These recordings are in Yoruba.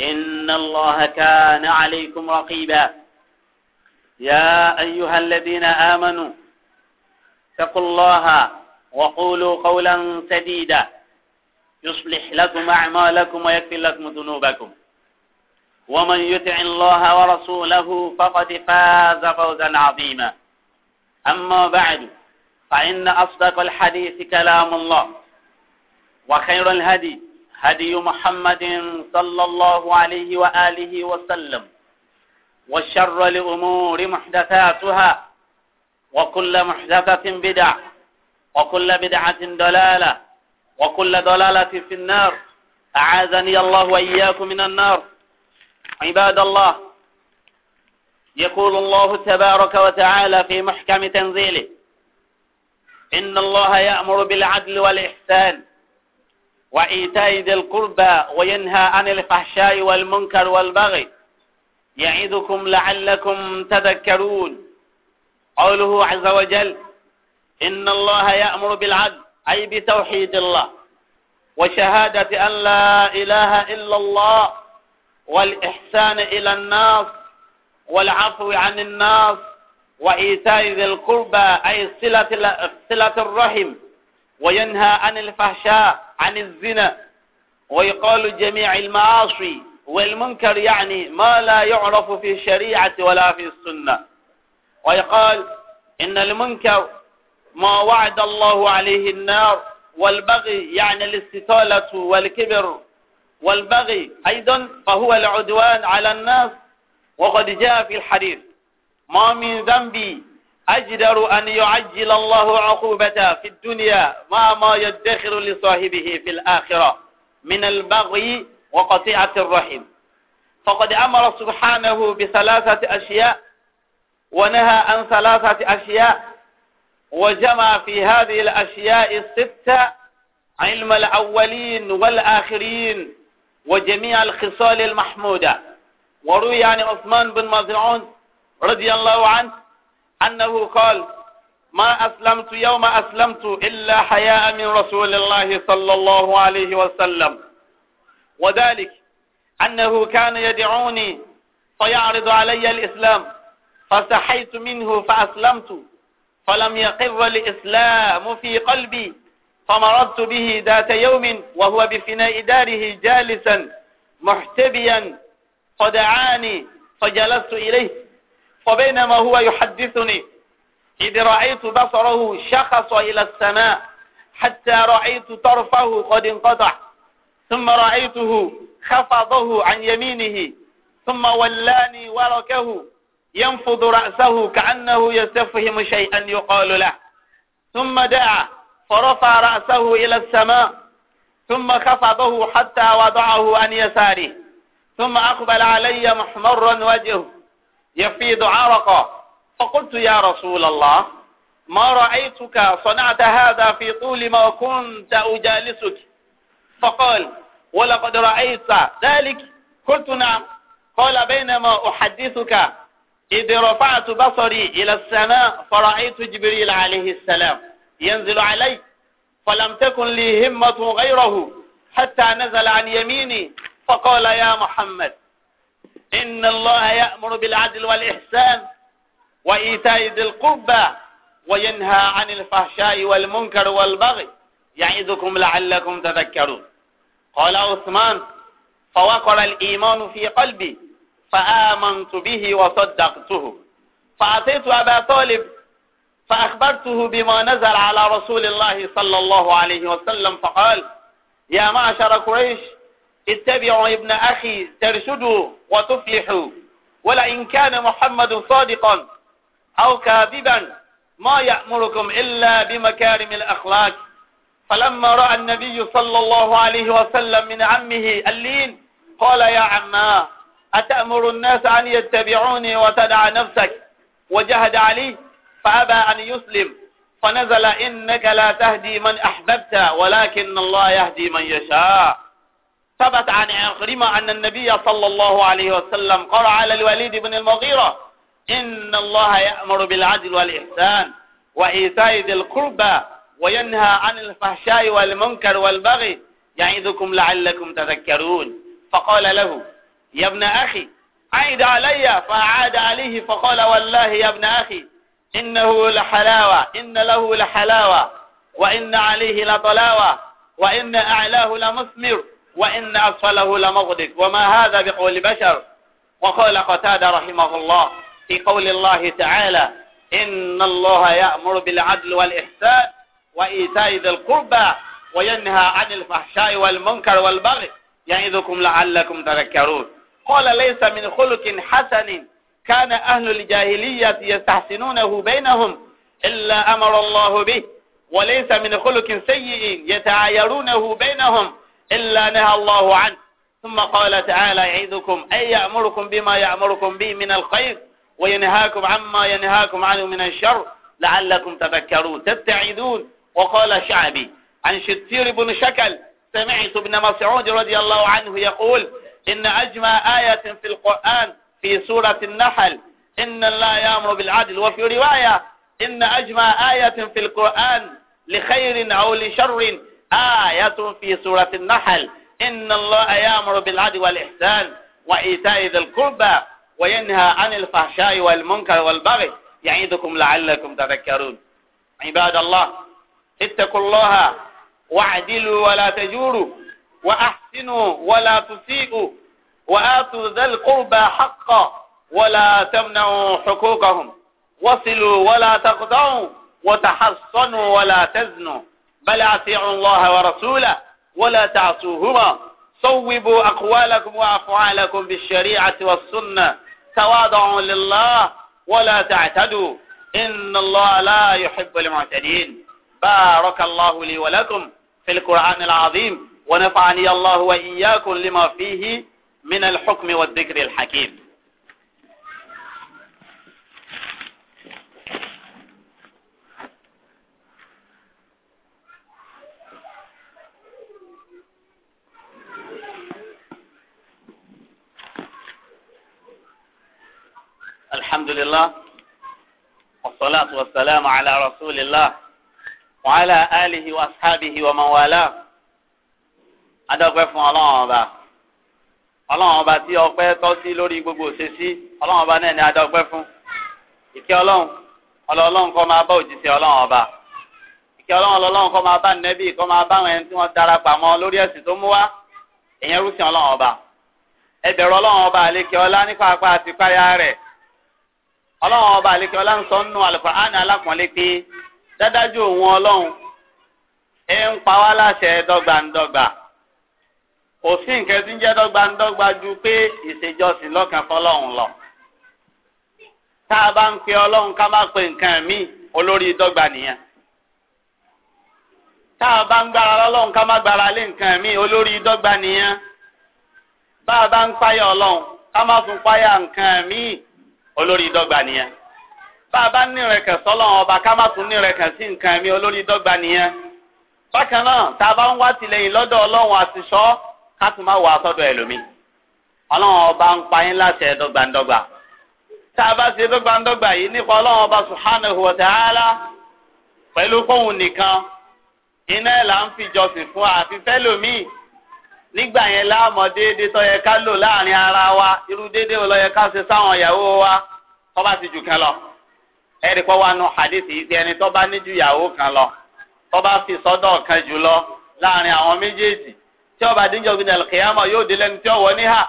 إن الله كان عليكم رقيبا يا أيها الذين آمنوا اتقوا الله وقولوا قولا سديدا يصلح لكم أعمالكم ويكفر لكم ذنوبكم ومن يطع الله ورسوله فقد فاز فوزا عظيما أما بعد فإن أصدق الحديث كلام الله وخير الهدي هدي محمد صلى الله عليه وآله وسلم وشر الأمور محدثاتها وكل محدثة بدع وكل بدعة ضلالة وكل ضلالة في النار أعاذني الله وإياكم من النار عباد الله يقول الله تبارك وتعالى في محكم تنزيله إن الله يأمر بالعدل والإحسان وإيتاء ذي القربى وينهى عن الفحشاء والمنكر والبغي يعظكم لعلكم تذكرون قوله عز وجل إن الله يأمر بالعدل أي بتوحيد الله وشهادة أن لا إله إلا الله والإحسان إلى الناس والعفو عن الناس وإيتاء ذي القربى أي صلة الرحم وينهى عن الفحشاء عن الزنا ويقال جميع المعاصي والمنكر يعني ما لا يعرف في الشريعة ولا في السنة ويقال إن المنكر ما وعد الله عليه النار والبغي يعني الاستطالة والكبر والبغي أيضا فهو العدوان على الناس وقد جاء في الحديث ما من ذنبي أجدر أن يعجل الله عقوبته في الدنيا ما ما يدخر لصاحبه في الآخرة من البغي وقطيعة الرحم فقد أمر سبحانه بثلاثة أشياء ونهى عن ثلاثة أشياء وجمع في هذه الأشياء الستة علم الأولين والآخرين وجميع الخصال المحمودة وروي عن عثمان بن مزعون رضي الله عنه أنه قال ما أسلمت يوم أسلمت إلا حياء من رسول الله صلى الله عليه وسلم وذلك أنه كان يدعوني فيعرض علي الإسلام فسحيت منه فأسلمت فلم يقر الإسلام في قلبي فمرضت به ذات يوم وهو بفناء داره جالسا محتبيا فدعاني فجلست إليه فبينما هو يحدثني إذ رأيت بصره شخص إلى السماء حتى رأيت طرفه قد انقطع ثم رأيته خفضه عن يمينه ثم ولاني وركه ينفض رأسه كأنه يستفهم شيئا يقال له ثم دعا فرفع رأسه إلى السماء ثم خفضه حتى وضعه عن يساره ثم أقبل علي محمرا وجهه يفيض عرقا فقلت يا رسول الله ما رأيتك صنعت هذا في طول ما كنت أجالسك فقال ولقد رأيت ذلك قلت نعم قال بينما أحدثك إذ رفعت بصري إلى السماء فرأيت جبريل عليه السلام ينزل علي فلم تكن لي همة غيره حتى نزل عن يميني فقال يا محمد إن الله يأمر بالعدل والإحسان وإيتاء ذي القربى وينهى عن الفحشاء والمنكر والبغي يعظكم لعلكم تذكرون قال عثمان فوقر الإيمان في قلبي فآمنت به وصدقته فأتيت أبا طالب فأخبرته بما نزل على رسول الله صلى الله عليه وسلم فقال يا معشر قريش اتبعوا ابن أخي ترشدوا وتفلحوا ولئن كان محمد صادقا أو كاذبا ما يأمركم إلا بمكارم الأخلاق فلما رأى النبي صلى الله عليه وسلم من عمه اللين قال يا عما أتأمر الناس أن يتبعوني وتدع نفسك وجهد عليه فأبى أن يسلم فنزل إنك لا تهدي من أحببت ولكن الله يهدي من يشاء ثبت عن عكرمة أن النبي صلى الله عليه وسلم قرأ على الوليد بن المغيرة إن الله يأمر بالعدل والإحسان وإيتاء ذي القربى وينهى عن الفحشاء والمنكر والبغي يعظكم لعلكم تذكرون فقال له يا ابن أخي عيد علي فأعاد عليه فقال والله يا ابن أخي إنه لحلاوة إن له لحلاوة وإن عليه لطلاوة وإن أعلاه لمثمر وإن أسفله لمغدق وما هذا بقول بشر وقال قتادة رحمه الله في قول الله تعالى إن الله يأمر بالعدل والإحسان وإيتاء ذي القربى وينهى عن الفحشاء والمنكر والبغي يعظكم لعلكم تذكرون قال ليس من خلق حسن كان أهل الجاهلية يستحسنونه بينهم إلا أمر الله به وليس من خلق سيء يتعايرونه بينهم إلا نهى الله عنه ثم قال تعالى يعيذكم أي يأمركم بما يأمركم به من الخير وينهاكم عما ينهاكم عنه من الشر لعلكم تذكرون تبتعدون وقال شعبي عن شتير بن شكل سمعت ابن مسعود رضي الله عنه يقول إن أجمع آية في القرآن في سورة النحل إن الله يأمر بالعدل وفي رواية إن أجمع آية في القرآن لخير أو لشر آية في سورة النحل إن الله يأمر بالعدل والإحسان وإيتاء ذي القربى وينهى عن الفحشاء والمنكر والبغي يعيدكم لعلكم تذكرون عباد الله اتقوا الله واعدلوا ولا تجوروا وأحسنوا ولا تسيئوا وآتوا ذا القربى حقا ولا تمنعوا حقوقهم وصلوا ولا تقطعوا وتحصنوا ولا تزنوا بل أطيعوا الله ورسوله ولا تعصوهما صوبوا أقوالكم وأفعالكم بالشريعة والسنة تواضعوا لله ولا تعتدوا إن الله لا يحب المعتدين بارك الله لي ولكم في القرآن العظيم ونفعني الله وإياكم لما فيه من الحكم والذكر الحكيم alhamdulillah wasalaatu wasalaamu ala rasulillah wa ala alihi wa ashabihi wa mawala adọ́gbẹ́ fún ọlọ́run ọba ọlọ́run ọba tí ọpẹ́ tọ́ sí lórí gbogbo òṣèṣì ọlọ́run ọba náà ni fún ìkẹ́ ọlọ́run máa bá ọba ọlọ́run ọba àlekè ọlánsọ nù àlùfáàní alákùnrin pé dádájú òun ọlọ́run ẹ ń pa wá láṣẹ dọ́gbandọ́gba kò sí nǹkan tí ń jẹ́ dọ́gbandọ́gba ju pé ìṣèjọsìn lọ́kàn fọlọ́run lọ tá a bá ń pe ọlọ́run ká má pe nǹkan míì olórí dọ́gba nìyẹn tá a bá ń gbára lọ́lọ́run ká má gbára lé nǹkan míì olórí dọ́gba nìyẹn bá a bá ń páyà ọlọ́run ká má tún páyà nǹkan míì. olórí ìdọ́gba nìyẹn bá a bá nírẹ̀kẹ̀ sọ́lọ́run ọba ká má tún nírẹ̀kẹ̀ sí nǹkan mi olórí ìdọ́gba nìyẹn bákan náà tá a bá ń wá tìlẹ́yìn lọ́dọ̀ ọlọ́run àti sọ ká tún má wà sọ́dọ̀ ẹlòmíì ọlọ́run ọba ń pa yín láti ẹ̀dọ́gbandọ́gba tá a bá ṣe dọ́gbandọ́gba yìí nípa ọlọ́run ọba subhanahu wa ta'ala pẹ̀lú fóun nìkan iná ẹ̀ là ń fìjọsìn fún àfi nígbà yẹn láàmọ déédéé tó yẹ ká lò láàrin ara wa irú déédéé wo ló yẹ ká ṣe sáwọn ìyàwó wa tó bá ti jù kan lọ ẹ̀rí pọ́ wa nu hadith yìí ti ẹni tó bá ní ju ìyàwó kan lọ tó bá fi sọ́dọ̀ kan jù lọ láàrin àwọn méjèèjì tí ó díjọ gbin alkiyama yóò dé lẹni tí ó níhà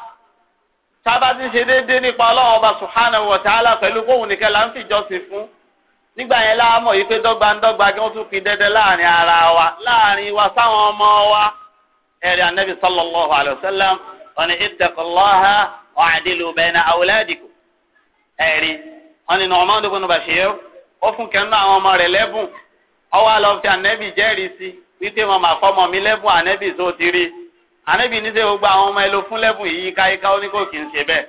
sábà ti ṣe déédéé nípa ọlọ́run ọba subhanahu wa ta'ala pẹ̀lú kóhùn nìkan là ń fìjọsìn fún nígbà yẹn láàmọ̀ yìí pé dọ́gbandọ́gba kí wọ́n tún fi dẹ́dẹ́ láàrin ara wa láàrin wa sáwọn ọmọ wa. eri anabi sallallahu alayhi wa sallam wọ́n wa adilu bayna awladikum ẹ̀rí wọ́n ní Nu'man ibn Bashir ó fún kẹ́nu àwọn ọmọ rẹ̀ lẹ́bùn ọwọ́ fi anabi wípé wọn máa fọmọ mi anabi tó ti anabi gbogbo àwọn ọmọ ẹ fún lẹ́bùn yìí káyíká ó ní kò kì í ṣe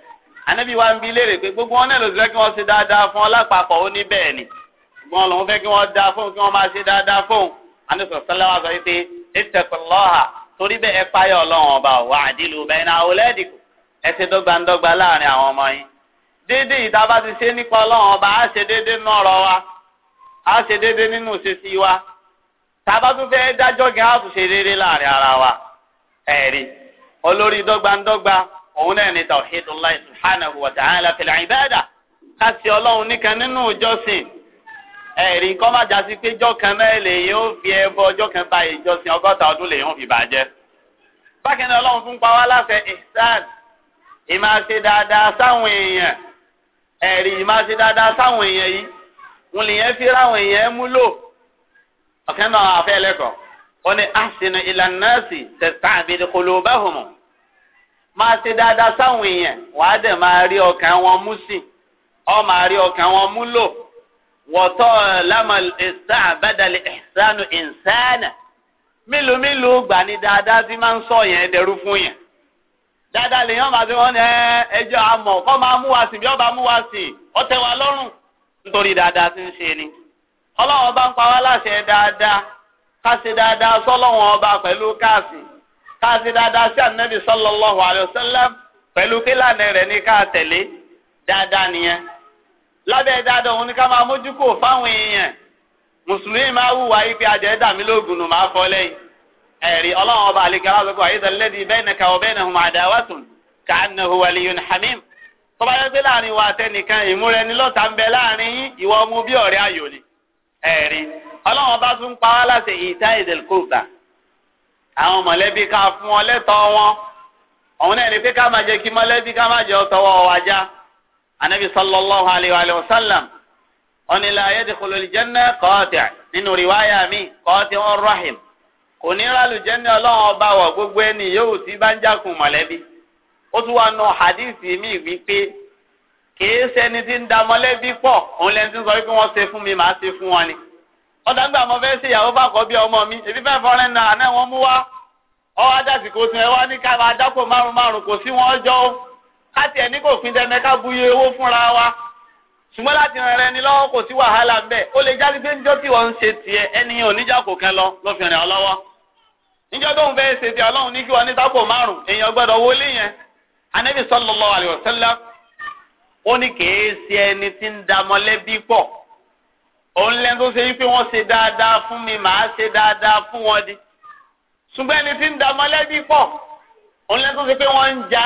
anabi wa ń bi gbogbo wọn náà ló kí ṣe dáadáa fún ọ ni torí bẹ́ẹ̀ ẹ páyọ̀ ọlọ́run ọba ọ̀wá àdìlù bẹ́ẹ̀nà ọ̀lẹ́dìkù ẹ ṣe dọ́gbandọ́gba láàrin àwọn ọmọ yín dédé ìdábà ti ṣe nípa ọlọ́run ọba á ṣe dédé nínú ọ̀rọ̀ wa á ṣe dédé nínú ìṣesí wa tàbá tún fẹ́ dájọ́ gan á tún ṣe dédé láàrin ara wa ẹ̀rí olórí dọ́gbandọ́gba òun náà ni tawhidullahi subhanahu wa ta'ala fil ibada ká ṣe ọlọ́run ẹ̀rí kọ́ má jásí pé jọ́kan náà o ó fi ẹbọ jọ́kan ba ìjọsìn ọgọ́ta ọdún lèyìn ó fi bàjẹ́. bákan náà ọlọ́run fún pa wá láfẹ́ ìsáàd ìmáa ṣe dáadáa sáwọn èèyàn ẹ̀rí dada ṣe dáadáa sáwọn èèyàn yìí wọn lèyìn fi ráwọn èèyàn mú ọ̀kan náà àfẹ́ ẹlẹ́kọ̀ọ́ ó ní àṣìnà ìlànà sí tẹ̀sán àbílẹ̀ kòlóbáhùnmù máa ṣe ọ wọ́tọ́ lámàl ẹ̀sà àbádàlẹ̀ ẹ̀sánù ìnsánà Milu mélòó gbà ní dáadáa tí máa ń sọ yẹn fún yẹn dáadáa lèyàn máa fi wọn ní ẹjọ́ ma kọ́ máa mú wa sí bí ọba wa sí ọtẹ wa lọ́rùn nítorí dáadáa ni ọlọ́wọ́n bá ń pa wá Dada dáadáa ọba pẹ̀lú káàsì ká Dada si sí ànábì sallallahu alaihi wasallam lábẹ́ dáadáa òun ni ká máa mójú kò fáwọn èèyàn mùsùlùmí máa wùwà yìí pé àjẹ́ dàmí lóògùn nù máa fọ́ lẹ́yìn ẹ̀rí ọlọ́run ọba àlejò aláàzọ́kọ̀ àyíṣẹ́lẹ́dì baynaka wa baynahum adawatun pé láàrin wa lọ́ta ń bẹ láàrin yín ìwọ ọmọ bí ọ̀rẹ́ ayò ni ẹ̀rí ọba tún pa wá láti ìta àwọn fún ọ lẹ́tọ̀ọ́ wọn òun anabi sallallahu alayhi wa sallam ọni la yadkhulu aljanna qati' nínú riwaya mi qati'ur rahim kò ní rálù jẹ́nà ọlọ́run ọba wọ̀ gbogbo ẹni yóò ti bá ń jákun mọ̀lẹ́bí ó tún wà nù hadithi mi wípé kìí ṣẹni tí ń da mọ̀lẹ́bí pọ̀ òun lẹni tí ń sọ wípé wọ́n ṣe fún mi màá ṣe fún wọn ni. ọ̀dà gbà mo fẹ́ ṣe ìyàwó bá kọ́ bí ọmọ mi èbí fẹ́ fọ́nrẹ́ náà àná wọn mú wá ọwọ́ adásìkò tún ẹ wá ní ká máa dákò márùn kò sí wọn ọjọ́ káti ẹ̀ ní kò pín dẹ́mẹ́ ká buye owó fúnra wa ṣùgbọ́n láti ràn rẹ ni lọ́wọ́ kò sí wàhálà ń bẹ̀ ó lè jáde pé níjọ́ tí wọ́n ń ṣe tiẹ̀ ẹni oníjà kò kẹ́ lọ ló fi ràn ọ́ lọ́wọ́ níjọ́ tó ń fẹ́ ṣe tiẹ̀ ọlọ́run ní kí wọ́n ní sápò márùn èèyàn gbọ́dọ̀ wọlé yẹn Ànábì sallallahu alaihi wasallam ó ní kèé ṣe ẹni tí ń da mọ́lẹ́bí pọ̀ òun lẹ́nu tó ṣe wípé wọ́n ṣe dáadáa fún mi màá ṣe dáadáa fún wọn di ṣùgbọ́n ẹni tí ń da mọ́lẹ́bí pọ̀ òun lẹ́nu tó ṣe pé wọ́n ń ja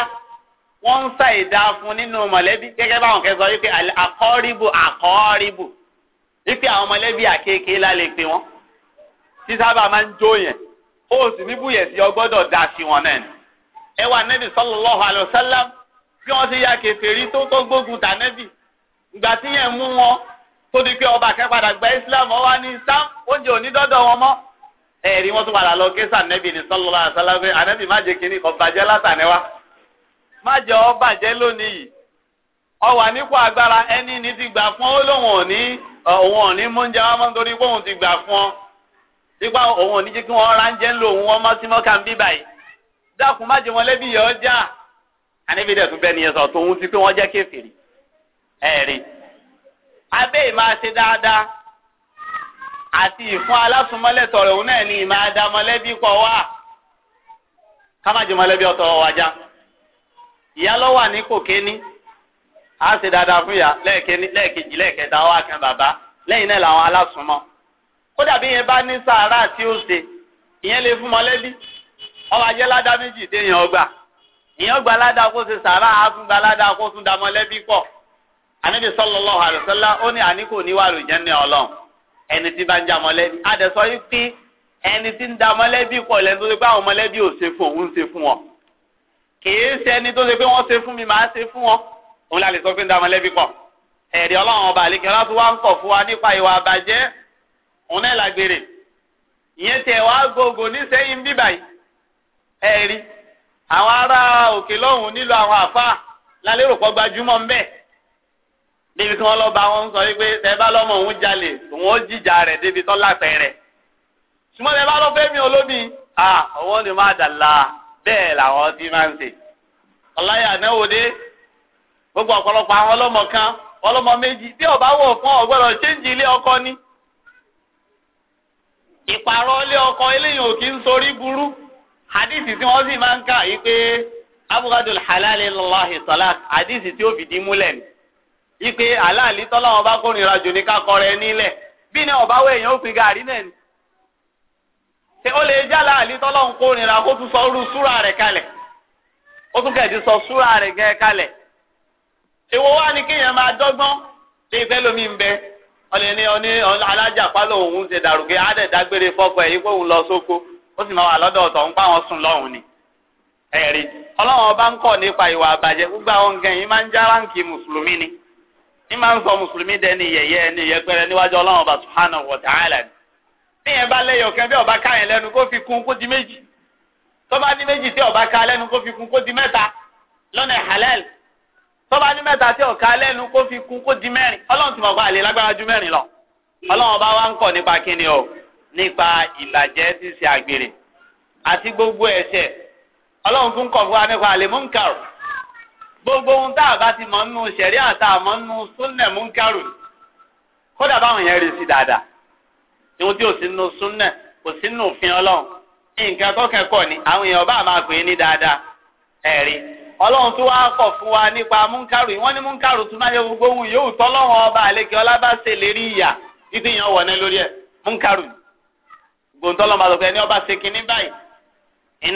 wọ́n ń sa ìdá fún nínú mọ̀lẹ́bí gẹ́gẹ́ báwọn kẹ́ sọ wípé àkọ́rìbù àkọ́rìbù wípé àwọn mọ̀lẹ́bí àkekèé la lè pè wọ́n tí sábà máa ń jó yẹn ó sì ní búyẹ̀ sí ọgbọ́dọ̀ dá sí wọn náà ni. ẹ wà nẹ́bí sallallahu alaihi bí wọ́n ti ya kèfèrí tó tó gbógun tà nẹ́bí ìgbà tí yẹn mú wọn tó di pé ọba kan gba Islam ó wá ní oúnjẹ ò dọ́dọ̀ wọn mọ́ ẹ̀rí wọn tún padà lọ gẹ́sà nẹ́bí ní sallallahu alaihi pé ànẹ́bí má jẹ́ kínní kan bàjẹ́ látàníwá má jẹ́ ọ bàjẹ́ lónìí yìí ọwà nípò agbára ẹni ní ti gbà fún ọ lóun ò ní òun ò ní mú oúnjẹ wá mọ́ nítorí pé òun ti gbà fún ọ nípa òun ò ní jẹ́ kí wọ́n ránjẹ́ ń lo òun ọmọ sí mọ́kà ń bí báyìí dákun má jẹ́ wọn lẹ́bí yọ ọjà àníbi dẹ̀tún bẹ́ẹ̀ nìyẹn sọ tòun ti pé wọ́n jẹ́ kéfìrí ẹ̀rí abẹ́ ìmáa ṣe dáadáa àti ìfún alásùnmọ́lẹ̀tọ̀ rẹ̀ òun náà ní ìmáa dá mọ́lẹ́bí pọ̀ wá ká má jẹ́ mọ́lẹ́bí ọ̀tọ̀ ìyá lọ wà ní kò kéní á ṣe dáadáa fún ìyá lẹ́ẹ̀kíní lẹ́ẹ̀kejì lẹ́ẹ̀kẹta wà kan bàbá lẹ́yìn náà làwọn alásùnmọ́ kódà bí yẹn bá ní sàárà tí ó ṣe ìyẹn lè fún mọ́lẹ́bí ọba ajẹ́ ládá méjì téèyàn ọgbà ìyẹn ọgbà ládá kó ṣe sàárà á tún gba ládá kó tún da mọ́lẹ́bí pọ̀ àníbi sallallahu alaihi wasallam ó ní àníkò níwàlú jẹ́ ní ọlọ́run ẹni tí bá ń já mọ́lẹ́bí adẹ̀sọ́ yìí pé ẹni tí ń da mọ́lẹ́bí pọ̀ lẹ́nu tó ṣe pé àwọn mọ́lẹ́bí ò ṣe fún òun ṣe fún wọn kìí ṣe ẹni tó ṣe pé wọ́n ṣe fún mi màá ṣe fún wọn òun la lè sọ pé ń da mọ̀lẹ́bí pọ̀ ẹ̀rí ọlọ́run ọba àlekẹ́ ọlá tó wá ń kọ̀ fún wa nípa ìwà àbàjẹ́ òun náà lágbèrè ìyẹn tẹ̀ wá gbogbo nísẹ́yìn bíbáyìí ẹ̀rí àwọn ará òkè lọ́hùn nílò àwọn àfáà lálérò pọ̀ gbajúmọ̀ ń bẹ̀ níbi tí wọ́n lọ bá wọn sọ wípé tẹ bá lọ́mọ òun jalè òun ó jìjà rẹ̀ débi tọ́lá pẹ̀rẹ̀ ṣùgbọ́n tẹ bá lọ fẹ́ mi olómi Ah, ọwọ́ ni má dàlá bẹ́ẹ̀ làwọn ti máa ń ṣe ọláyà dé gbogbo ọ̀pọ̀lọpọ̀ àwọn ọlọ́mọ kan ọlọ́mọ méjì bí ọba wọ̀ fún ọ̀gbọ́dọ̀ ṣéǹjì ilé ọkọ ni ìpààrọ̀ ilé ọkọ eléyìí ò kí ń sorí burú hadith tí wọ́n sì máa ń kà yí pé hadith tí ó múlẹ̀ ni yí pé ní kákọrẹ nílẹ̀ bí ní èèyàn ó ṣé ó lè jálá àlítọ́lọ́hún kó kó tún sọ irú súra rẹ̀ kalẹ̀ ó tún kẹ̀dí sọ súra rẹ̀ gẹ́ kalẹ̀ ìwọ wá ní kéèyàn máa dọ́gbọ́n ṣé ìfẹ́ lomi ń bẹ ọlẹ́ ní ọ alájà pálọ̀ òun ṣe dàrúgẹ́ àdẹ̀dágbére fọ́kọ ẹ̀ yípo òun lọ sóko ó sì máa wà lọ́dọ̀ ọ̀tọ̀ ń pa wọn sùn lọ́hùn ni ẹ̀rí ọlọ́run ọba ń kọ́ nípa ìwà àbàjẹ́ gbogbo àwọn nǹkan yìí máa ń já mùsùlùmí ni téèyàn bá lẹ́yọ̀ kẹ́ bí ọba ká yẹn lẹ́nu kó fi kún kó di méjì tọ́ba ní méjì tí ọba ká lẹ́nu kó fi kún kó di mẹ́ta lọ́nà halal tọ́ba ní mẹ́ta tí ọ̀ka lẹ́nu kó fi kún kó di mẹ́rin ọlọ́run ti mọ̀ pé àlè lágbára ju mẹ́rin lọ ọlọ́run bá wá ń kọ̀ nípa kíni o nípa ìbàjẹ́ tí ṣe àgbèrè àti gbogbo ẹ̀ṣẹ̀ ọlọ́run tún kọ̀ fún wa nípa àlè múnkàrù gbogbo ohun tá a bá ti mọ̀ nínú ṣẹ̀rí àtà mọ̀ nínú súnnẹ̀ múnkàrù kódà báwọn yẹn rí sí dáadáa ìwọ́n tí ò sí nù súnnà kò sí nù òfin ọlọ́run nǹkan tó kẹ́kọ̀ọ́ ni àwọn èèyàn bá máa pè é ní dáadáa ẹ̀rí ọlọ́run tó wáá kọ̀ fún wa nípa múnkàrú wọn ní múnkàrú tó náà yẹ gbogbo ohun yóò tọ́lọ́wọ́n ọba àlekè ìyà títí lórí ẹ̀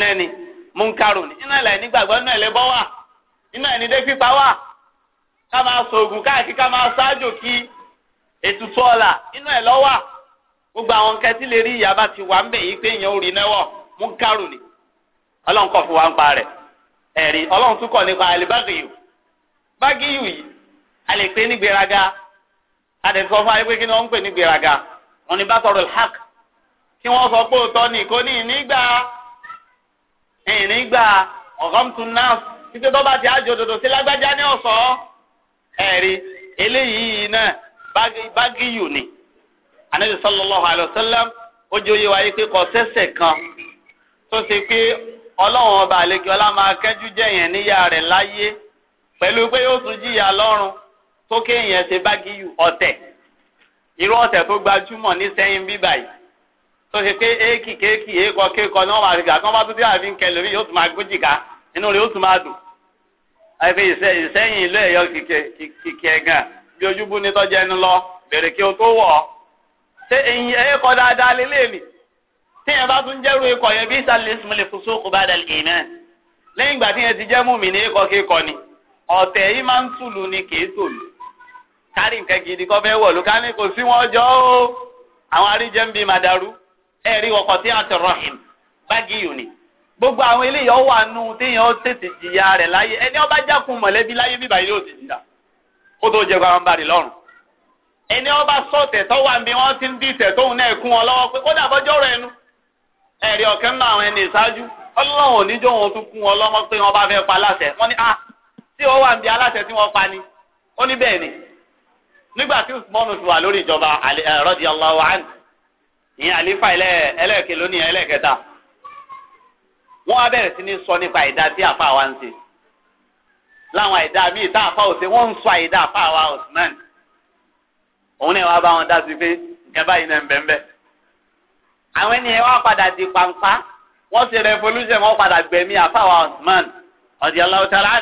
ní ọba ṣe gbogbo àwọn nǹkan tí lè rí ìyá bá ti wà ń bẹ̀ yìí pé èèyàn ò rí ni ọlọ́run kọ̀ fún wa ń pa rẹ̀ ẹ̀rí ọlọ́run tún kọ̀ nípa àlìbágìyù bágìyù yìí a lè pè ní gbéraga a lè sọ fún kí ni wọ́n ń pè ní wọn ni bátọ̀rọ̀ hàk kí wọ́n sọ pé òótọ́ ni kò ní ìnígbà ìnígbà títí tó bá ti àjò òdòdó ni. anabi sallallahu alayhi wa sallam ó jẹ́ oyè wáyé pé kò sẹ́sẹ̀ kan tó ṣe pé ọlọ́run ọba àlejò ọlá máa kẹ́jú jẹ̀yàn níyà rẹ̀ láyé pẹ̀lú pé yóò tún jìyà lọ́run tó kéèyàn ṣe bágiyù ọ̀tẹ̀ irú ọ̀tẹ̀ tó gbajúmọ̀ ní sẹ́yìn bíbà yìí tó ṣe pé éèkì kéèkì èèkọ kéèkọ náà máa gbà kán bá tún dé àfi ń kẹlẹ̀ rí yóò tún máa gbójìká inú rẹ̀ yóò tún máa dùn àfi ìsẹ́yìn ilé ẹ̀yọ kìkẹ́ gan bí ojú ní tọ́jú ẹnu lọ bèrè kí o tó wọ̀ ọ́ ṣé ẹ̀yin ẹ̀ kọ́ dáadáa lélẹ̀ mi tíyẹn bá tún jẹ́rú ikọ̀ yẹn bí ìsàlẹ̀ ìsúnmọ̀lẹ̀ fún sóòkù bá dàlẹ̀ ìmán lẹ́yìn ìgbà tíyẹn ti jẹ́ mú mi ní ikọ̀ kíkọ ni ọ̀tẹ̀ yìí máa ń tùlù ni kì í tòlù kárí nǹkan gidi kọ́ fẹ́ wọ̀ ló ká ní kò sí wọn jọ ó àwọn aríjẹ́ ń bi màdàrú ẹ̀ rí ọkọ̀ tí wọ́n ti rọ̀hìn báàgì yìí ni gbogbo àwọn eléyìí ọwọ́ àánú téèyàn ó tètè jìyà rẹ̀ láyé ẹni ọba jákun ẹni ọba sọtẹ tó wà bí wọ́n ti ń dìtẹ̀ tóun náà kún ọ lọ́wọ́ pé kódà bọ́jọ́ rẹ̀ nu ẹ̀rí ọ̀kẹ́ ńlá àwọn ẹni ìṣáájú ọlọ́run oníjọ́ wọn tún kún ọ lọ́mọ pé wọ́n bá fẹ́ pa aláṣẹ wọn ni ah tí ó wà bí aláṣẹ tí pa ni ó ní bẹ́ẹ̀ ni nígbà tí usmanu ti wà lórí ìjọba eh, radiyallahu anhu ìyẹn àlífà ẹlẹ́ẹ̀kẹ́ lónìí ẹlẹ́ẹ̀kẹta wọ́n wá bẹ̀rẹ̀ sí ní sọ nípa ìdá tí àfa wa ń láwọn míì tá àfa ò ń sọ àfa wa òun náà wá bá wọn dá sí pé nǹkan báyìí náà ń bẹ̀ ń bẹ̀. àwọn ènìyàn wá padà di pàǹpá wọ́n ṣe revolution wọ́n padà gbẹ̀mí àfàwà Osman ọ̀dìyàlá ọ̀tàlá.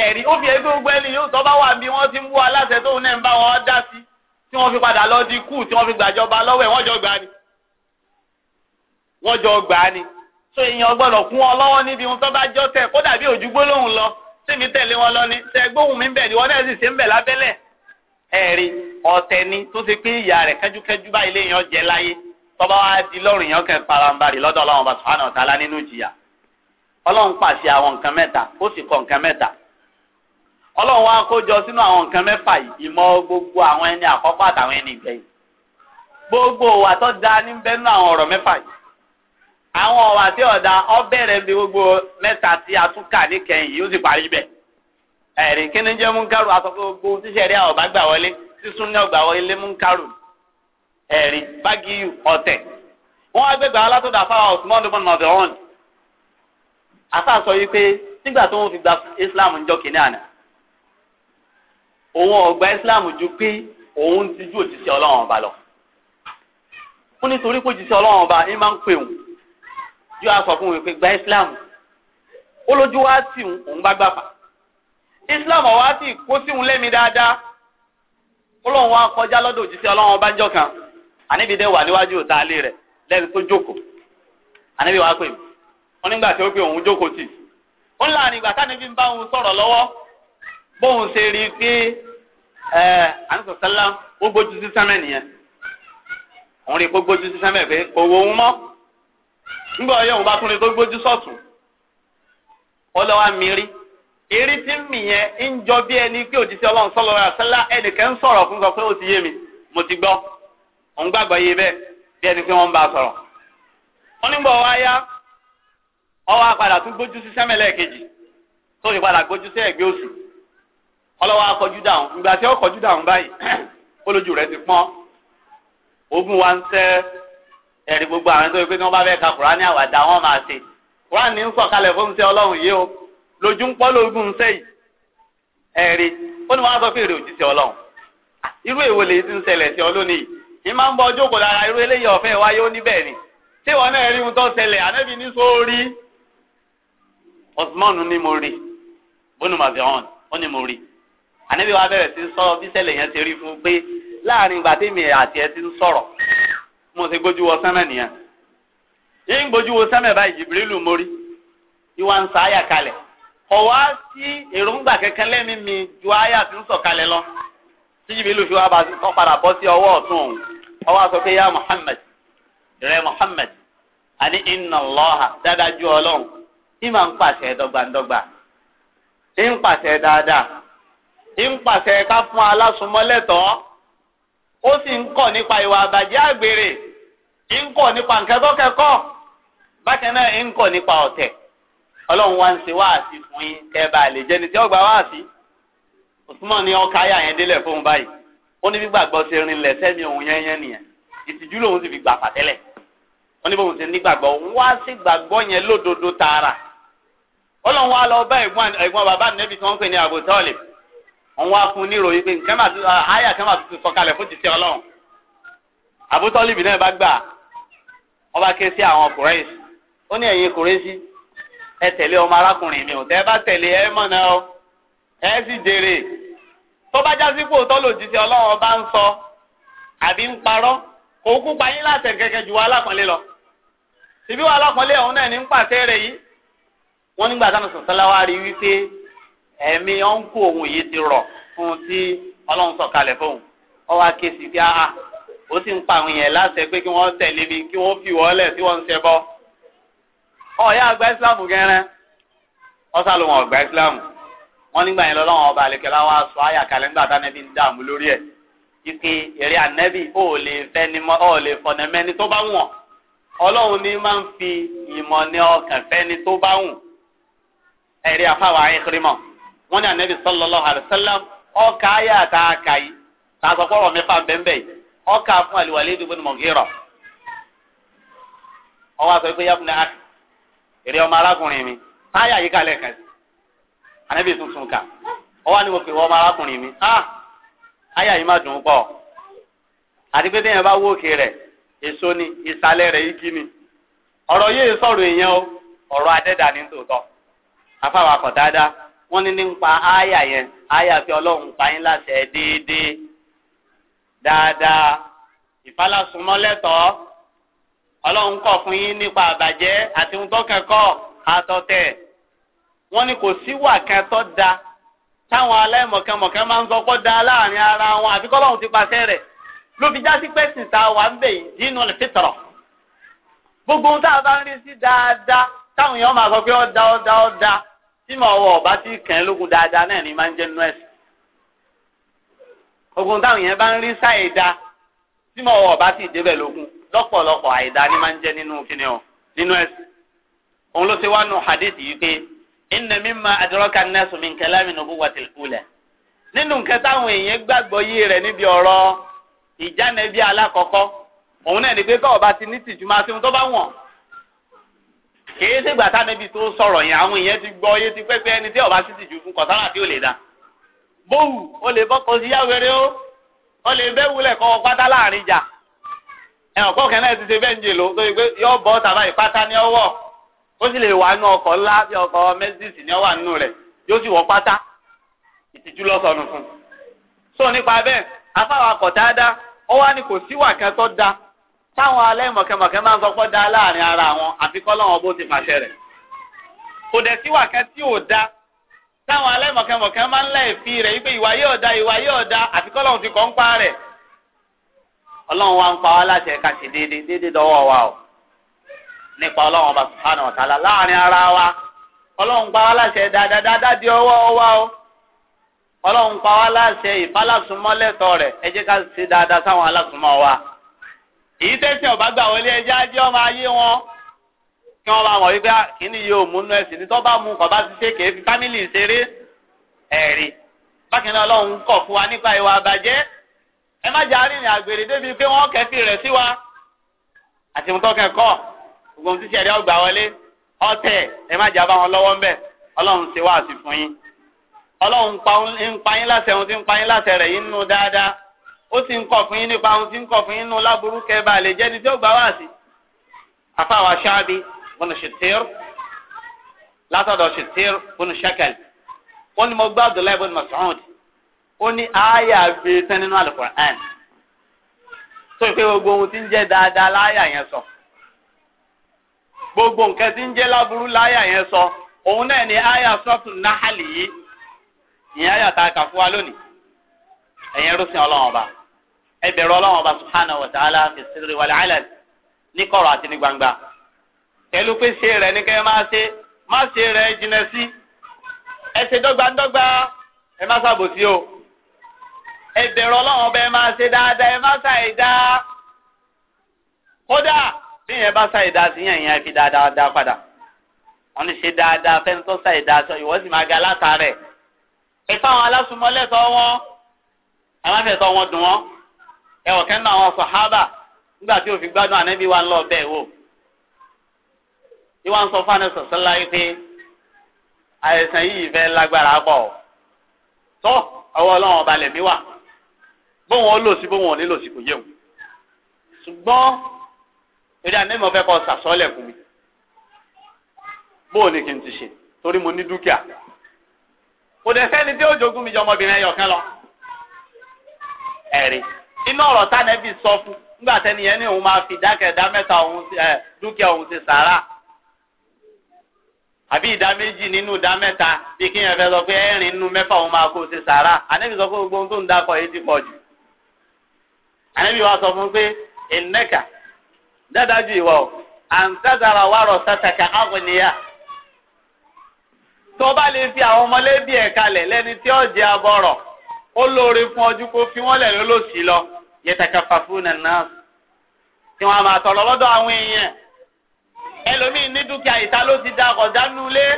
ẹ̀rí ó fi ẹgbẹ́ ogun ẹni yóò tọ́ bá wà bí wọ́n ti ń wú aláṣẹ tóun náà ń bá wọn dá sí tí wọ́n fi padà lọ di kú tí wọ́n fi gbàjọba lọ́wọ́ ẹ̀ wọ́n jọ gbà ni. wọ́n jọ gbà ni. so èèyàn gbọ́dọ̀ kún ọ lọ́wọ́ níbi ohun tó bá jọ tẹ̀ kó dàbí òjúgbó lóhùn lọ tèmi tẹ̀lé wọn lọ ni tẹ mi ń bẹ̀ ni wọn náà sì ṣe ń bẹ̀ lábẹ́lẹ̀ ẹ̀rí Ọtẹni ni tó ṣe pé ìyá rẹ̀ kẹjúkẹjú báyìí lè yàn láyé tọba wa di lọ́rùn yàn kẹ́ parambarì lọ́dọ̀ ọlọ́run bá sùhánà ọ̀tàlá nínú ìjìyà ọlọ́run pàṣẹ àwọn nǹkan mẹ́ta ó sì kọ nǹkan mẹ́ta wa kó jọ sínú àwọn nǹkan yìí gbogbo àwọn ẹni àtàwọn gbogbo òwà tó da àwọn yìí àwọn tí ọ bí gbogbo tí a tún kà níkẹyìn yìí ó sì parí kí ni sísún ní ọgbà wọ ilé múnkárù ẹ̀rí bágíyù ọ̀tẹ̀ wọ́n á gbégbá alátọ́dọ̀ afáwà osmond bọ́n nọ̀dọ̀ọ́n afá sọ yìí pé nígbà tó ń fi gba islam ń jọ kìíní àná òun ọ̀gbà islam ju pé òun ti ju òjíṣẹ́ ọlọ́run ọba lọ fún nítorí pé òjíṣẹ́ ọlọ́run ọba ń máa ń pè òun yóò á fún òun pé gba islam ó lójú wá sí òun bá gbà fà islam ọ̀wá sì kó sí òun lẹ́mi dáadáa. kọlọ́n wa kọjá lọ́dọ̀ òjíṣẹ́ ọlọ́run ọba jọ kan àníbi dẹ́ wà níwájú òta alẹ́ rẹ̀ lẹ́nu tó jókòó àníbi wàá pè mí wọn nígbà tí ó pé òun jókòó tì ó ń láàrin ìgbà táníbi ń bá òun sọ̀rọ̀ lọ́wọ́ i pé ẹ àníṣọ̀sálá ó gbójú sí sánmẹ̀ nìyẹn òun rí i gbójú sí pé òwò òun mọ́ nígbà ọyọ́ òun bá tún rí i eré tí ń mì ń jọ bí ẹni pé òjíṣẹ́ ọlọ́run sọ́lọ́ rẹ̀ sẹ́lá ẹnìkan ń sọ̀rọ̀ fún sọ pé mi mo ti gbọ́ òun gbàgbọ́ yé bẹ́ẹ̀ bí ẹni pé wọ́n ń bá a sọ̀rọ̀. wọ́n ní bọ̀ wá yá ọwọ́ apàdà tún gbójú sí kejì tó ti padà gbójú sí ẹ̀gbẹ́ ọlọ́wọ́ akọjú dàrún ìgbà tí ó kọjú dàrún báyìí lójú ń pọ́ lóògùn sẹ́yìn ẹ̀rí ó ní wọ́n sọ fún èrè òjíṣẹ́ ọlọ́run irú èwo ti ń ṣẹlẹ̀ sí ọ lónìí ní máa ń bọ ọjọ́ òkòlá ara irú eléyìí ọ̀fẹ́ ni wọn náà rí ohun tó ṣẹlẹ̀ ànábì ní sórí Osman mo rí bónú mazion ó ní mo rí ànábì wa bẹ̀rẹ̀ sí sọ bí ṣẹlẹ̀ yẹn ti rí fún pé láàrin ìgbà tèmi àti ẹ ti ń sọ̀rọ̀ mo ti gbójú wọ sánmẹ̀ nìyẹn yín gbójú wọ báyìí ọ̀wá sí èròǹgbà kẹ̀kẹ́ lẹ́mí mi ju àyà tí ń sọ̀kalẹ̀ lọ tí Jibril fi wá padà bọ́ sí ọwọ́ ọ̀tún òun ọwọ́ àti ọ̀kẹ́ yá Muhammad rẹ Muhammad àní inna Allah dáadáa ju ọlọ́run tí màá ń pàṣẹ dọ́gbandọ́gba tí ń pàṣẹ dáadáa tí ń pàṣẹ ká fún alásùnmọ́lẹ́tọ̀ọ́ ó sì ń kọ̀ nípa ìwà àbàjẹ́ àgbèrè ń kọ̀ nípa nǹkan bákan ọlọ́run wá ń ṣe wáàsí fún yín kẹ́ bá lè jẹ́ni tí ó gba wáàsí Usman ní ọkà ayà yẹn délẹ̀ fóun báyìí ó ní gbígbàgbọ́ ṣe rinlẹ̀ sẹ́mi òun yẹn yẹn nìyẹn ìtìjú lòun sì fi gbà pàtẹ́lẹ̀ ó ní bóun ṣe nígbàgbọ́ òun wá sí gbàgbọ́ yẹn lódodo tààrà ọlọ́run wá lọ bá ẹ̀gbọ́n bàbá nẹ́bí tí wọ́n pè ní àbòtọ́ọ̀lì òun wá fún níròyìn pé nǹkan máa ayà kan máa tuntun sọ̀kalẹ̀ fún jìṣẹ́ ọlọ́run àbòtọ́ọ̀lì bì náà bá gbà wọ́n bá ké sí àwọn kùrẹ́sì ó ní ẹ̀yin kùrẹ́sì ẹ tẹ̀lé ọmọ arákùnrin mi ò tẹ́ bá tẹ̀lé ẹ mọ̀nà ọ ẹ sì jèrè tó bá já sípò tó lòjíṣẹ́ ọlọ́run bá ń sọ àbí ń parọ́ kò kú pa yín láti kẹ̀kẹ́ ju wa alápọ̀nlé lọ ìbí wa alápọ̀nlé ọ̀hún náà ní ń pàṣẹ rẹ̀ yìí wọ́n nígbà táwọn sọ̀tọ́lá wa rí wípé ẹ̀mí ọ̀nkù òun yìí ti rọ̀ fún tí ọlọ́run sọ̀ kalẹ̀ fóun ọ wá ké sí pé ó sì ń pa àwọn yẹn láṣẹ pé kí wọ́n tẹ̀lé mi kí wọ́n fi wọ́ọ́lẹ̀ tí wọ́n ń ṣẹbọ ọ̀ọ́yá àgbà ìsìlámù gẹ́rẹ́ ọ̀sà ló wọn ọ̀gbà ìsìlámù wọn nígbà yẹn lọ́wọ́ ọba àlekẹ́lá wa sọ àyà kàlẹ́ńdà tánẹ́bí ń dààmú lórí ẹ̀ ike eré ànẹ́bí ó lè fẹ́ni mọ́ ó lè fọ̀nà mẹ́ni tó bá wọ̀n ọlọ́run ní máa ń fi ìmọ̀ ní ọkàn fẹ́ni tó bá wùn ẹ̀rí afáwa ẹ̀kírímọ̀ wọn ní ànẹ́bí sallallahu alaihi wasallam ọkà ayé àtàkà yìí tàbọ̀pọ̀rọ̀ mẹ́fà bẹ́ẹ̀ ọkà fún àlùwalẹ̀ ìdìbò ní èrè ọmọ arákùnrin mi táyà yìí kalẹ̀ kan sí ànábì tuntun kà ọ wá ní mo pè wọ ọmọ arákùnrin mi ah táyà yìí má dùn pọ̀ àti pé téèyàn bá wó òkè rẹ̀ èso ni ìsàlẹ̀ rẹ̀ ọ̀rọ̀ yìí sọ̀rọ̀ èèyàn o ọ̀rọ̀ adẹ́dà tòótọ́ wọ́n ní yẹn fi ọlọ́run pa láṣẹ déédéé dáadáa ọlọ́run kọ̀ fún yín nípa àbàjẹ́ àti ohun tó kẹ́kọ̀ọ́ àtọ̀tẹ̀ wọ́n ní kò sí wà kan da táwọn aláìmọ̀kẹ́mọ̀kẹ́ máa ń sọ pé da láàrin ara wọn àfi kọ́lọ́run ti pàṣẹ rẹ̀ ló fi já sí pẹ́sìn tá a wà ń bẹ̀ yìí nínú lè gbogbo ohun tá a bá ń rí sí dáadáa táwọn èèyàn máa sọ pé ó da ó da ó da tí mo wọ ọba tí kàn lógun dáadáa náà ni máa ń jẹ́ nínú ẹ̀sìn gbogbo ohun táwọn èèyàn bá ń rí sáì da tí mo wọ ọba tí ì débẹ̀ lógun lọ́pọ̀lọpọ̀ àìdá ni máa ń jẹ́ nínú kíni o nínú ẹ̀sìn òun ló ti wá nu hadith yìí pé inna mimma adraka an-nasu min kalami nubuwwatil ula nínú nǹkan táwọn èèyàn gbàgbọ́ yé rẹ̀ níbi ọ̀rọ̀ ìjánẹbí alákọ̀ọ́kọ́ òun náà ni pé kọ́ọ̀ bá ti ní tìjú máa ṣe ohun tó bá wọ̀n kìí ṣègbà tánẹ́bí tó sọ̀rọ̀ yẹn àwọn èèyàn ti gbọ́ yé ti pẹ́pẹ́ ẹni tí ọba sì tìjú fún kọ̀sára tí ò lè dá bóòwù o lè bọ́kọ sí yáwèrè o o lè bẹ́wulẹ̀ kọ́ pátá láàrin jà ẹ ọ̀pọ̀ kan náà ti ṣe bẹ́ẹ̀ ń jèlò tó yẹ pé yọ bọ́ tàbá ìpátá ní ó sì lè wà nù ọkọ̀ ńlá bí ọkọ̀ mẹ́sìsì ní ọwà nù rẹ̀ yóò sì wọ pátá ìtìjú lọ́sọ̀nù fún un. sọ nípa bẹ́ẹ̀ afáwọn akọ̀tàdá ó wá ní kò tó da táwọn alẹ́ àwọn ọlọ́run wa ń pa wá láti ẹ̀ka ṣe déédéé déédéé dọ́wọ́ wa o nípa ọlọ́run ọba subhanahu wa láàrin ara wa ọlọ́run pa wá láṣẹ dáadáa di ọwọ́ wa o ọlọ́run pa wá láṣẹ rẹ̀ ẹ jẹ́ dáadáa sáwọn alásùnmọ́ wa èyí ọba gbà ajé ọmọ ayé wọn kí wọ́n bá mọ̀ wípé ah, kíní ẹ̀sìn ní ẹ má jẹ́ arìnrìn àgbèrè débi pé wọ́n kẹ́sì rẹ̀ sí wa àti mú tọ́kẹ́ kọ́ gbogbo tí sẹ́rí ọgbà wọlé ọ̀tẹ̀ ẹ má jẹ́ abáwọn lọ́wọ́ ńbẹ̀ ọlọ́run ṣe wá àti fún yín ọlọ́run ń pa yín láṣẹ ohun tí ń pa yín láṣẹ rẹ̀ yín nù dáadáa ó sì ń kọ̀ fún yín nípa ohun tí ń kọ̀ fún yín nù láburú kẹba lè jẹ́ni tí ó gbà wá sí àfàwà ṣáàbí bùnú ṣètìr látọ̀dọ̀ ṣètìr bùnú ṣẹkẹl ó ní mo gbá Abdullahi bùnú Mas'ud ó ní aya fi tán nínú Al-Qur'an tó ìpè gbogbo ohun tí ń jẹ́ dáadáa láyà yẹn sọ gbogbo nǹkan tí ń jẹ́ láburú láyà yẹn sọ òun náà ni àyà sọ́tún náhàlì yìí ìyẹn àyà tá a kà fún wa lónìí ọba ẹ bẹ̀rù ọba subhanahu wa ta'ala fi ní àti gbangba pé ṣe ní máa ṣe ṣe jìnnà sí ẹ ṣe ẹ má o. ẹ bẹ̀rù ọlọ́run ọba máa ṣe dáadáa ẹ má ṣàìdá kódà bí yẹn bá ṣàìdá sí yẹn yẹn fi dáadáa dá padà wọn ní ṣe dáadáa fẹ́ni tó ṣàìdá sọ ìwọ sì máa ga látàrẹ̀ ẹ fáwọn alásùmọ́lẹ́tọ̀ wọn ẹ má fẹ́ tọ́ wọn dùn wọn ẹ wọ̀ kẹ́ńdà àwọn sàhábà nígbà tí òfin gbádùn ànábì wa ń lọ bẹ́ẹ̀ wò ìwà ń sọ fún àná sọ̀sọ́ tó ọwọ́ ọlọ́run ọba lèmi wà bóun ó lò sí bóun ò ní lò sí kò yé ṣùgbọ́n eré anẹ́mọ̀ fẹ́ kọ́ sàsọ́lẹ̀ fún mi bóun ni kí n ti ṣe torí mo ní dúkìá kò dẹ̀ sẹ́ni tí ó jogún mi ọmọbìnrin lọ ẹ̀rí iná ọ̀rọ̀ sọ fún nígbà tẹ́ni yẹn ní òun fi mẹ́ta mẹ́ta bí kí yẹn fẹ́ sọ pé nínú mẹ́fà òun máa ṣe sàárà ànábì wa sọ fún pé ìnẹ́kà dáadájú ìwọ o àǹtàzàrà wà rọ̀ sátàkà àgùnìyà tó bá lè fi àwọn ọmọlẹ́bí ẹ̀ kalẹ̀ lẹ́ni tí ó jẹ́ abọ́rọ̀ ó lóore fún ọdún kó fi wọ́n lẹ̀ lólòsì lọ yẹtàkà fàfúnà náà tí wọ́n máa tọ̀rọ̀ lọ́dọ̀ àwọn èèyàn ẹlòmíì ní dúkìá ìta ló ti da ọ̀dà nulẹ̀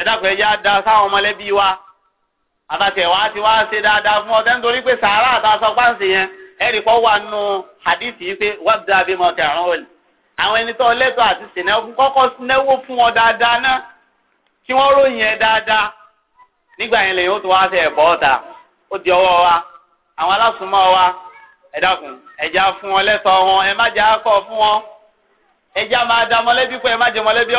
ẹ̀dàpọ̀ ẹ̀yà da sáwọn ọmọlẹ́bí wa àtàtẹ̀wá ti wá ṣe dáadáa fún ọtẹ́ nítorí pé sàárà àtàsọ páǹsì yẹn ẹ̀rí kọ́ wà nù hadith yìí pé wàbdà abimọ̀ àwọn ẹni tó lẹ́tọ̀ àti fún wọn dáadáa náà kí wọ́n ròyìn ẹ dáadáa nígbà yẹn lèyìn ó wá fẹ́ ẹ̀bọ́ ọ̀tà ó ẹja fún wọn lẹ́tọ̀ ẹ má jẹ́ akọ fún wọn ẹja máa da mọ́lẹ́bí pé ẹ má jẹ́ mọ́lẹ́bí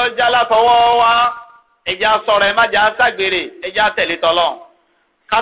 ẹja sọ̀rọ̀ ẹ má ẹja tẹ̀lé ká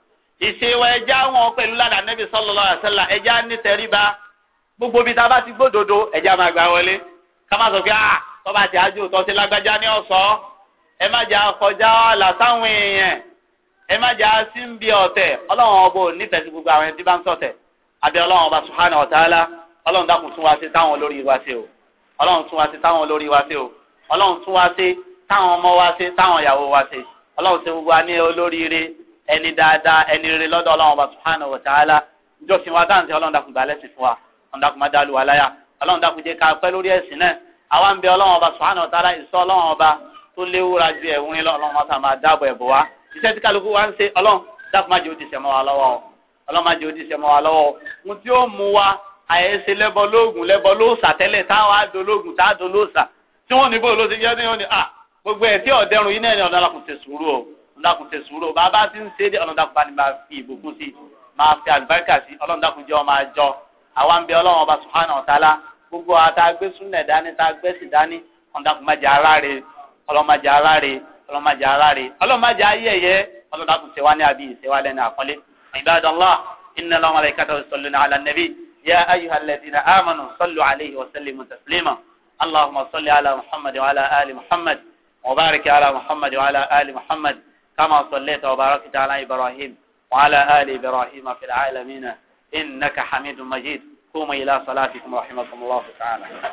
ìṣe wa ẹja wọn pẹ̀lú ládà nẹ́bí sallallahu alaihi wasallam ẹja ní tẹríba gbogbo bí ta bá ti gbódodo ẹja máa gbà wọlé ká má sọ pé ah tọ́ba ti ájú tọ́ sí lágbájá ní ọ̀sọ́ ẹ má jà kọjá ọ̀là sáwọn èèyàn ẹ má jà sí ń bi ọ̀tẹ̀ ọlọ́run ọba ò nífẹ̀ẹ́ sí gbogbo àwọn ẹni bá ń sọ̀tẹ̀ àbí ọlọ́run ọba subhanahu wa ta'ala dákun tún wá sí táwọn olórí wa ṣe o ọlọ́run tún wá sí táwọn olórí wa ṣe o ọlọ́run tún wá sí táwọn ọmọ wa ṣe táwọn ìyàwó wa ṣe ọlọ́run ṣe gbogbo ní olóríire ẹni dáadáa ẹni rere lọ́dọ̀ ọlọ́run ọba subhanahu wa ta'ala ìjọsìn wa dáhùn sí ọlọ́run dákun gbà lẹ́sìn fún wa ọlọ́run dákun má dàlú wa láyà ọlọ́run dákun jẹ́ ká pẹ́ lórí ẹ̀sìn náà àwa bẹ ọlọ́run ọba subhanahu wa ta'ala ìṣọ́ ọlọ́run ọba tó léwúra ju ẹ̀wùn lọ ọlọ́run ọba máa dáàbò ẹ̀bọ̀ wa iṣẹ́ tí kálukú wa ń ṣe ọlọ́run dákun má jẹ́ ó sẹ́mọ́ wa lọ́wọ́ o ọlọ́dàkùn ṣe sùúrù bàbá ti ń ṣe é dé ọlọ́dàkùn bá ní máa fi ìbùkún sí máa fi àlùbáríkà sí ọlọ́dàkùn jẹ́ ọmọ àjọ àwa ń bẹ ọlọ́run ọba subhanahu wa ta'ala gbogbo ata gbé súnlẹ̀ dání ta gbé sì dání ọlọ́dàkùn má jẹ́ aráre ọlọ́mọdé aráre ọlọ́mọdé aráre ọlọ́mọdé ayẹyẹ ọlọ́dàkùn ṣe wá ní àbí ṣe wá lẹ́nu àkọlé ibadallah inna Allaha wa malaikatahu yusalluna ala nabi ya ayyuhal ladhina amanu محمد alayhi wa sallimu كما صليت وباركت على إبراهيم وعلى آل إبراهيم في العالمين إنك حميد مجيد قوم إلى صلاتكم رحمكم الله تعالى